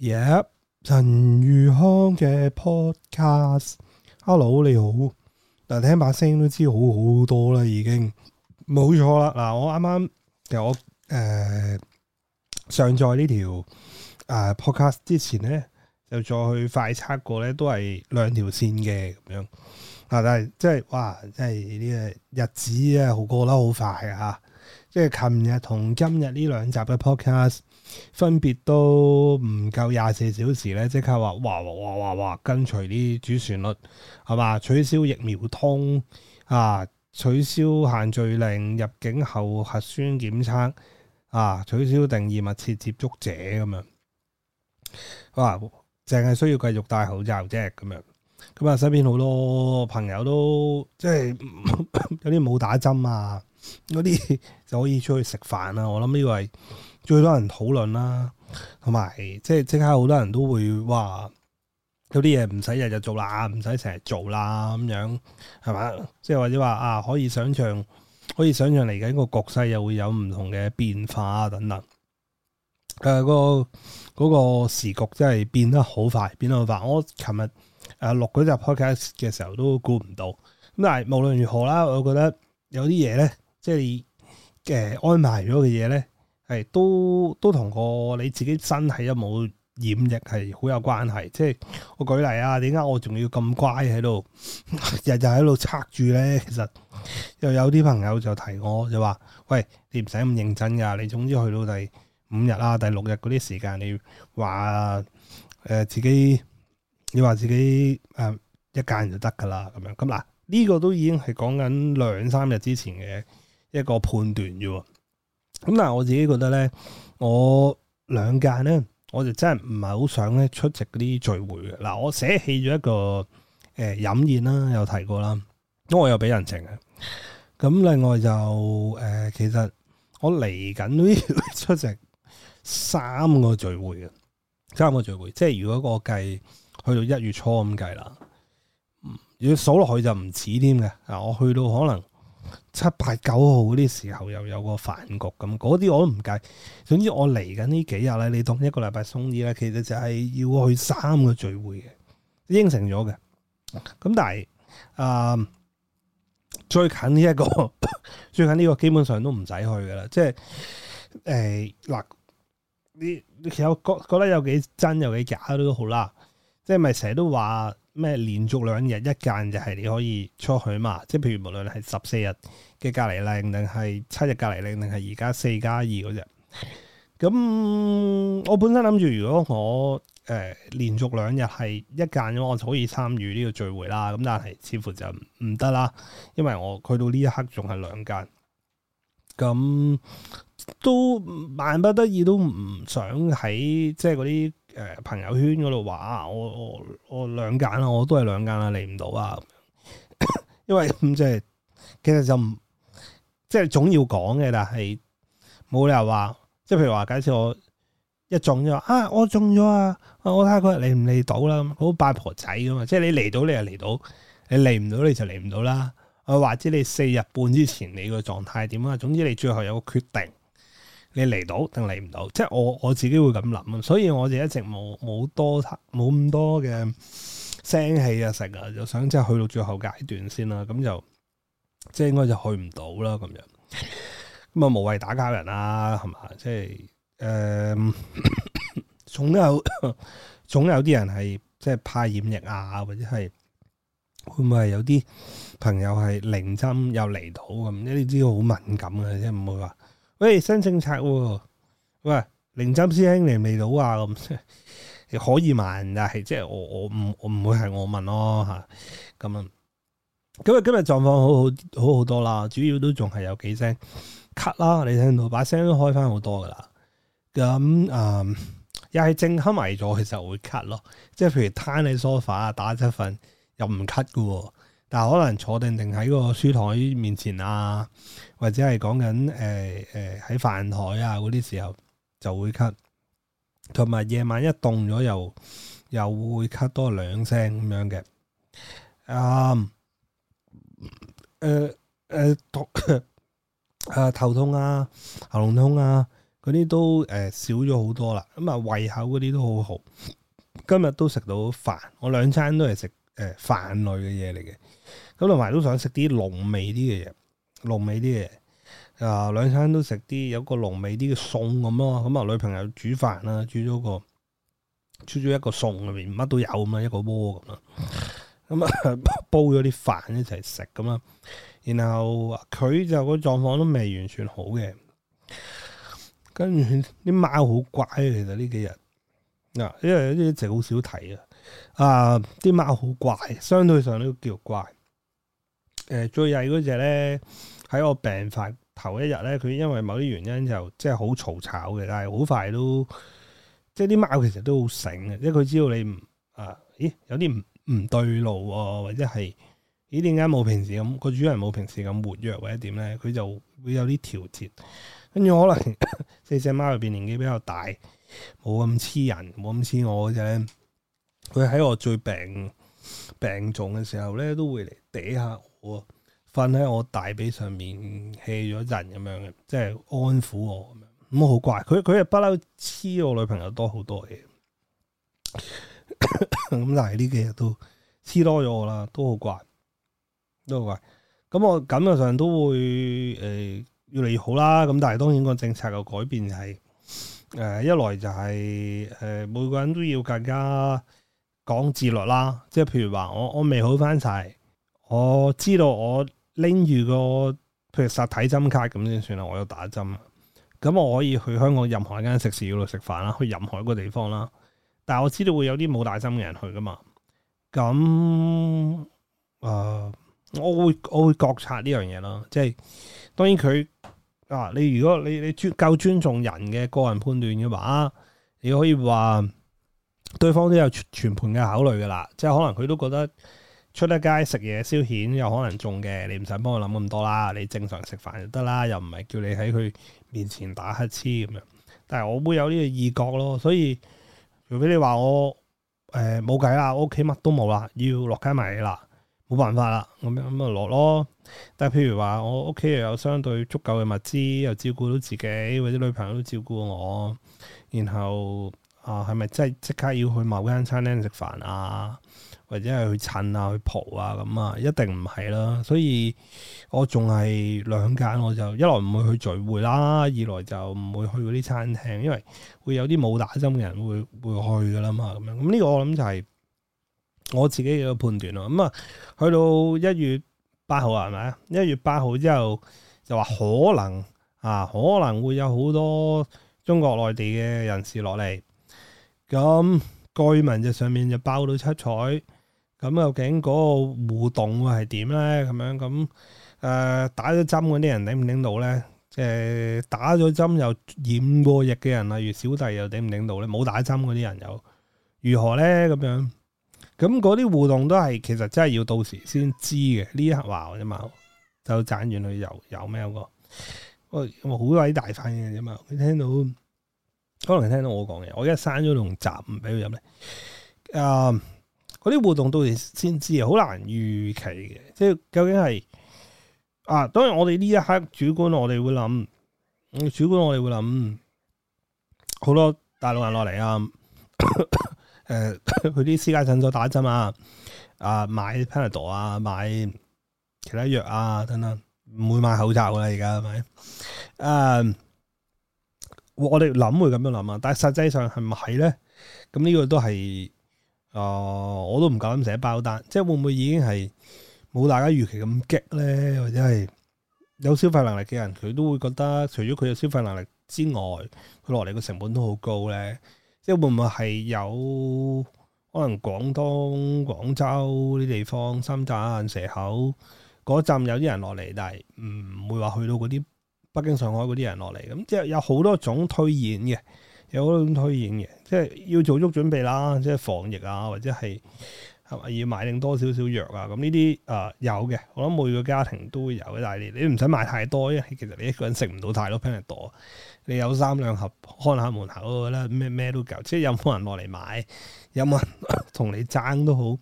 Yep，陳如康嘅 podcast，Hello，你好，但聽把聲都知好好多啦，已經冇錯啦。嗱，我啱啱其實我誒、呃、上載呢條誒 podcast 之前咧，就再去快測過咧，都係兩條線嘅咁樣。啊、但係即係哇，即係呢、這個日子啊，好過得好快嘅嚇。即係琴日同今日呢兩集嘅 podcast 分別都唔夠廿四小時咧，即刻話哇哇哇哇哇，跟隨啲主旋律係嘛？取消疫苗通啊，取消限聚令，入境後核酸檢測啊，取消定義密切接觸者咁樣。哇、啊！淨係需要繼續戴口罩啫咁樣。咁啊，身邊好多朋友都即係 有啲冇打針啊，嗰啲就可以出去食飯啊。我諗呢個係最多人討論啦、啊，同埋即係即刻好多人都會話有啲嘢唔使日日做啦，唔使成日做啦咁樣，係嘛？即係或者話啊，可以想象，可以想象嚟緊個局勢又會有唔同嘅變化、啊、等等。誒、啊，嗰個嗰、嗰個時局真係變得好快，變得好快。我琴日。誒、啊、錄嗰集 podcast 嘅時候都估唔到，咁但係無論如何啦，我覺得有啲嘢咧，即係你嘅、呃、安排咗嘅嘢咧，係都都同個你自己身體有冇染疫力係好有關係。即係我舉例啊，點解我仲要咁乖喺度， 日日喺度測住咧？其實又有啲朋友就提我就話，喂，你唔使咁認真噶，你總之去到第五日啊、第六日嗰啲時間，你話誒、呃、自己。你話自己誒、嗯、一間就得噶啦，咁樣咁嗱，呢個都已經係講緊兩三日之前嘅一個判斷啫喎。咁嗱，我自己覺得咧，我兩間咧，我就真係唔係好想咧出席嗰啲聚會嘅。嗱，我捨棄咗一個誒飲、呃、宴啦、啊，有提過啦，咁我又俾人情嘅。咁另外就誒、呃，其實我嚟緊都要出席三個聚會嘅，三個聚會，即係如果我計。去到一月初咁計啦，如果數落去就唔止添嘅嗱。我去到可能七八九號嗰啲時候，又有個飯局咁嗰啲，我都唔計。總之我嚟緊呢幾日咧，你當一個禮拜鬆啲咧。其實就係要去三個聚會嘅應承咗嘅。咁但係啊、呃，最近呢、這、一個 最近呢個基本上都唔使去噶啦，即係誒嗱，你其實覺覺得有幾真有幾假都好啦。即係咪成日都話咩連續兩日一間就係你可以出去嘛？即係譬如無論係十四日嘅隔離令，定係七日隔離令，定係而家四加二嗰隻。咁我本身諗住如果我誒、呃、連續兩日係一間嘅話，我就可以參與呢個聚會啦。咁但係似乎就唔得啦，因為我去到呢一刻仲係兩間。咁都萬不得已都唔想喺即係嗰啲。誒，朋友圈嗰度話我我我兩間啦，我都係兩間啦，嚟唔到啊， 因為咁即係其實就唔即係總要講嘅，但係冇理由話即係譬如話假設我一中咗啊，我中咗啊，我睇下佢嚟唔嚟到啦，好八婆仔㗎嘛，即係你嚟到你又嚟到，你嚟唔到你就嚟唔到啦，或者你四日半之前你個狀態點啊，總之你最後有個決定。你嚟到定嚟唔到？即係我我自己會咁諗啊，所以我哋一直冇冇多冇咁多嘅聲氣啊，成啊，就想即係去到最後階段先啦。咁就即係應該就去唔到啦。咁樣咁啊，無謂打攪人啦，係嘛？即係誒、呃，總有咳咳總有啲人係即係怕染疫啊，或者係會唔會係有啲朋友係零針又嚟到咁？呢啲知好敏感嘅，即係唔會話。喂，新政策？喂，凌針師兄嚟唔嚟到啊？咁 可以問，但係即係我我唔我唔會係我問咯吓咁啊。咁啊，今日狀況好好好好多啦，主要都仲係有幾聲咳啦，你聽到把聲都開翻好多噶啦。咁啊、呃，又係正襟危坐，其實會咳咯。即係譬如癱你梳化啊，打側瞓又唔咳噶喎。但可能坐定定喺個書枱面前啊，或者係講緊誒誒喺飯枱啊嗰啲時候就會咳，同埋夜晚一凍咗又又會咳多兩聲咁樣嘅。嗯，誒、呃、誒、呃 呃、頭痛啊，喉嚨痛啊嗰啲都誒、呃、少咗好多啦。咁啊，胃口嗰啲都好好，今日都食到飯，我兩餐都係食。誒、嗯、飯類嘅嘢嚟嘅，咁同埋都想食啲濃味啲嘅嘢，濃味啲嘢，啊、呃、兩餐都食啲有個濃味啲嘅餸咁咯，咁、嗯、啊女朋友煮飯啦、啊，煮咗個，煮咗一個餸入面乜都有咁啊，一個鍋咁啦，咁、嗯、啊、嗯、 煲咗啲飯一齊食咁啦，然後佢就個狀況都未完全好嘅，跟住啲貓好乖呀，其實呢幾日。嗱、啊，因為一直好少睇啊，啊，啲貓好乖，相對上都叫乖。誒、呃,最曳嗰隻咧，喺我病發頭一日咧，佢因為某啲原因就即係好嘈吵嘅，但係好快都，即係啲貓其實都好醒嘅，即係佢知道你唔啊，咦，有啲唔唔對路啊，或者係咦，點解冇平時咁個主人冇平時咁活躍或者點咧，佢就會有啲調節。跟住可能 四隻貓入邊年紀比較大。冇咁黐人，冇咁黐我嘅啫。佢喺我最病病重嘅時候咧，都會嚟嗲下我，瞓喺我大髀上面 hea 咗陣咁樣嘅，即係安撫我咁樣。咁好怪，佢佢係不嬲黐我女朋友多好多嘅。咁 但係呢幾日都黐多咗我啦，都好怪，都好怪。咁、嗯、我感覺上都會誒、呃、越嚟越好啦。咁但係當然個政策嘅改變係。誒、呃、一來就係、是、誒、呃、每個人都要更加講自律啦，即係譬如話我我未好翻晒，我知道我拎住個譬如實體針卡咁先算啦，我要打針，咁我可以去香港任何一間食肆度食飯啦，去任何一個地方啦，但係我知道會有啲冇打針嘅人去噶嘛，咁誒、呃、我會我會覺察呢樣嘢咯，即係當然佢。啊！你如果你你尊夠尊重人嘅個人判斷嘅話，你可以話對方都有全盤嘅考慮㗎啦。即係可能佢都覺得出得街食嘢消遣有可能中嘅，你唔使幫我諗咁多啦。你正常食飯就得啦，又唔係叫你喺佢面前打乞嗤咁樣。但係我會有呢個異覺咯，所以如果你話我誒冇計啦，我屋企乜都冇啦，要落街買嘢啦。冇辦法啦，咁樣咁咪落咯。但係譬如話，我屋企又有相對足夠嘅物資，又照顧到自己，或者女朋友都照顧我。然後啊，係咪即係即刻要去某間餐廳食飯啊？或者係去襯啊、去蒲啊咁啊？一定唔係啦。所以我仲係兩間，我就一來唔會去聚會啦，二來就唔會去嗰啲餐廳，因為會有啲冇打針嘅人會會去噶啦嘛。咁樣咁、啊、呢個我諗就係、是。我自己嘅判斷咯，咁、嗯、啊，去到一月八號啊，係咪啊？一月八號之後就話可能啊，可能會有好多中國內地嘅人士落嚟，咁據聞就上面就爆到七彩，咁、嗯、究竟嗰個互動會係點咧？咁樣咁誒、呃、打咗針嗰啲人頂唔頂到咧？誒、呃、打咗針又染過疫嘅人例如小弟又頂唔頂到咧？冇打針嗰啲人又如何咧？咁樣。咁嗰啲互動都係其實真係要到時先知嘅，呢一刻話啫嘛，我就賺完佢又有咩有個喂好鬼大反應嘅啫嘛，你聽到可能係聽到我講嘢，我而家刪咗龍集唔俾佢入嚟。嗯，嗰、呃、啲互動到時先知，好難預期嘅，即係究竟係啊？當然我哋呢一刻主觀，我哋會諗，主觀我哋會諗好多大陸人落嚟啊！ 誒，佢啲、呃、私家診所打針啊，啊買 Panadol 啊，買其他藥啊等等，唔會買口罩噶啦，而家係咪？誒、啊，我哋諗會咁樣諗啊，但係實際上係咪係咧？咁、嗯、呢、這個都係，哦、呃，我都唔夠膽寫包單，即係會唔會已經係冇大家預期咁激咧？或者係有消費能力嘅人，佢都會覺得，除咗佢嘅消費能力之外，佢落嚟嘅成本都好高咧。即係會唔會係有可能廣東廣州啲地方、深圳、蛇口嗰站有啲人落嚟，但係唔會話去到嗰啲北京、上海嗰啲人落嚟。咁即係有好多種推演嘅，有好多種推演嘅，即係要做足準備啦，即係防疫啊，或者係。係咪要買定多少少藥啊？咁呢啲誒有嘅，我諗每個家庭都會有，但係你你唔使買太多，因為其實你一個人食唔到太多 Panadol，你有三兩盒看下門口啦，咩咩都夠，即係有冇人落嚟買，有冇人同 你爭都好，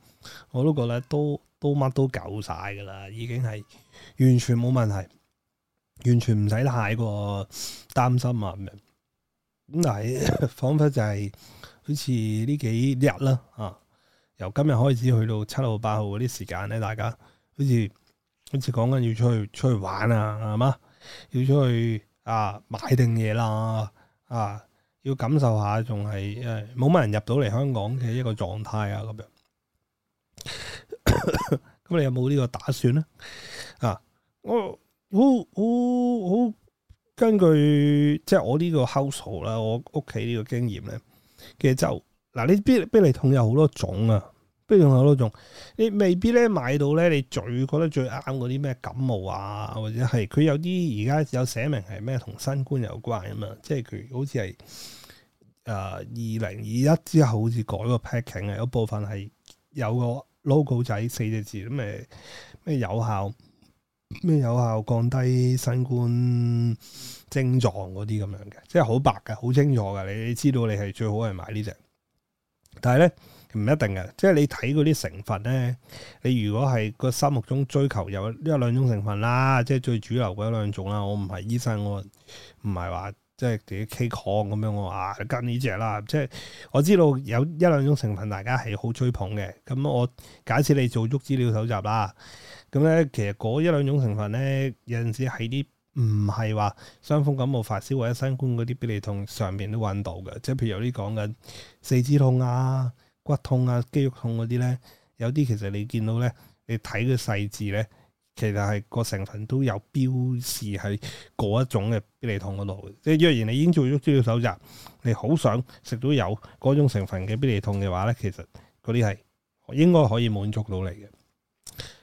我都覺得都都乜都夠晒㗎啦，已經係完全冇問題，完全唔使太過擔心啊咁。但係， 彷彿就係好似呢幾日啦啊～由今日開始去到七號八號嗰啲時間咧，大家好似好似講緊要出去出去玩啊，係嘛？要出去啊買定嘢啦啊！要感受下仲係誒冇乜人入到嚟香港嘅一個狀態啊咁樣。咁 你有冇呢個打算咧？啊，我好好好根據即係我呢個 house 啦，我屋企呢個經驗咧嘅就。嗱，呢啲必理痛有好多種啊，必理痛有好多種。你未必咧買到咧你最覺得最啱嗰啲咩感冒啊，或者係佢有啲而家有寫明係咩同新冠有關啊嘛，即係佢好似係誒二零二一之後好似改個 packing 啊，有部分係有個 logo 仔四隻字咁誒咩有效咩有效降低新冠症狀嗰啲咁樣嘅，即係好白嘅，好清楚嘅，你知道你係最好係買呢隻。但係咧唔一定嘅，即係你睇嗰啲成分咧。你如果係個心目中追求有呢一兩種成分啦，即係最主流嘅一兩種啦。我唔係醫生，我唔係話即係自己 kick 抗咁樣。我話跟呢隻啦，即係我知道有一兩種成分大家係好追捧嘅。咁我假設你做足資料搜集啦，咁咧其實嗰一兩種成分咧，有陣時喺啲。唔係話傷風感冒發燒或者新冠嗰啲必利痛上邊都揾到嘅，即係譬如有啲講緊四肢痛啊、骨痛啊、肌肉痛嗰啲咧，有啲其實你見到咧，你睇嘅細緻咧，其實係個成分都有標示喺嗰一種嘅必利痛嗰度。即係若然你已經做咗資料蒐集，你好想食到有嗰種成分嘅必利痛嘅話咧，其實嗰啲係應該可以滿足到你嘅。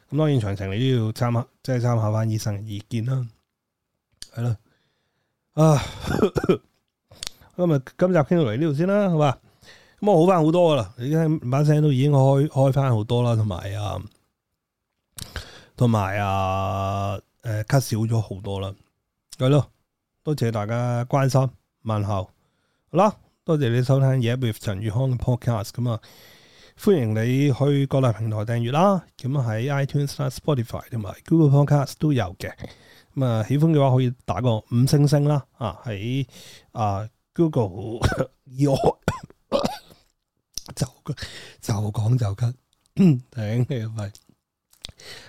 咁當然，詳情你都要參考，即係參考翻醫生嘅意見啦。係啦，啊，今日今集傾到嚟呢度先啦，好嘛？咁、嗯、我好翻好多噶啦，已經把聲都已經開開翻好多啦，同埋啊，同埋啊，誒，咳少咗好多啦，係咯，多謝大家關心問候，好啦，多謝你收聽《夜 with 陳宇康嘅 podcast》咁啊、嗯，歡迎你去各大平台訂閱啦，咁喺 iTunes 啦、Spotify 同埋 Google Podcast 都有嘅。咁啊，喜歡嘅話可以打個五星星啦，啊喺啊 Google 我 就就講就吉咳頂你肺，喺、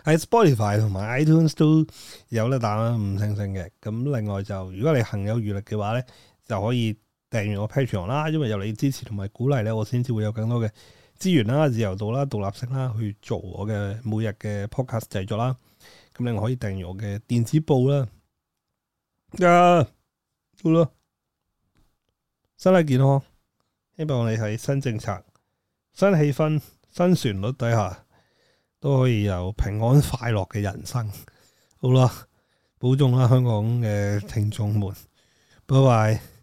啊、Spotify 同埋 iTunes 都有得打五星星嘅。咁另外就如果你行有餘力嘅話咧，就可以訂閱我 Patreon 啦，因為由你支持同埋鼓勵咧，我先至會有更多嘅資源啦、自由度啦、獨立性啦，去做我嘅每日嘅 Podcast 製作啦。咁你可以訂閱我嘅電子報啦，啊，好啦，身體健康，希望你喺新政策、新氣氛、新旋律底下都可以有平安快樂嘅人生。好啦，保重啦，香港嘅聽眾們，拜拜。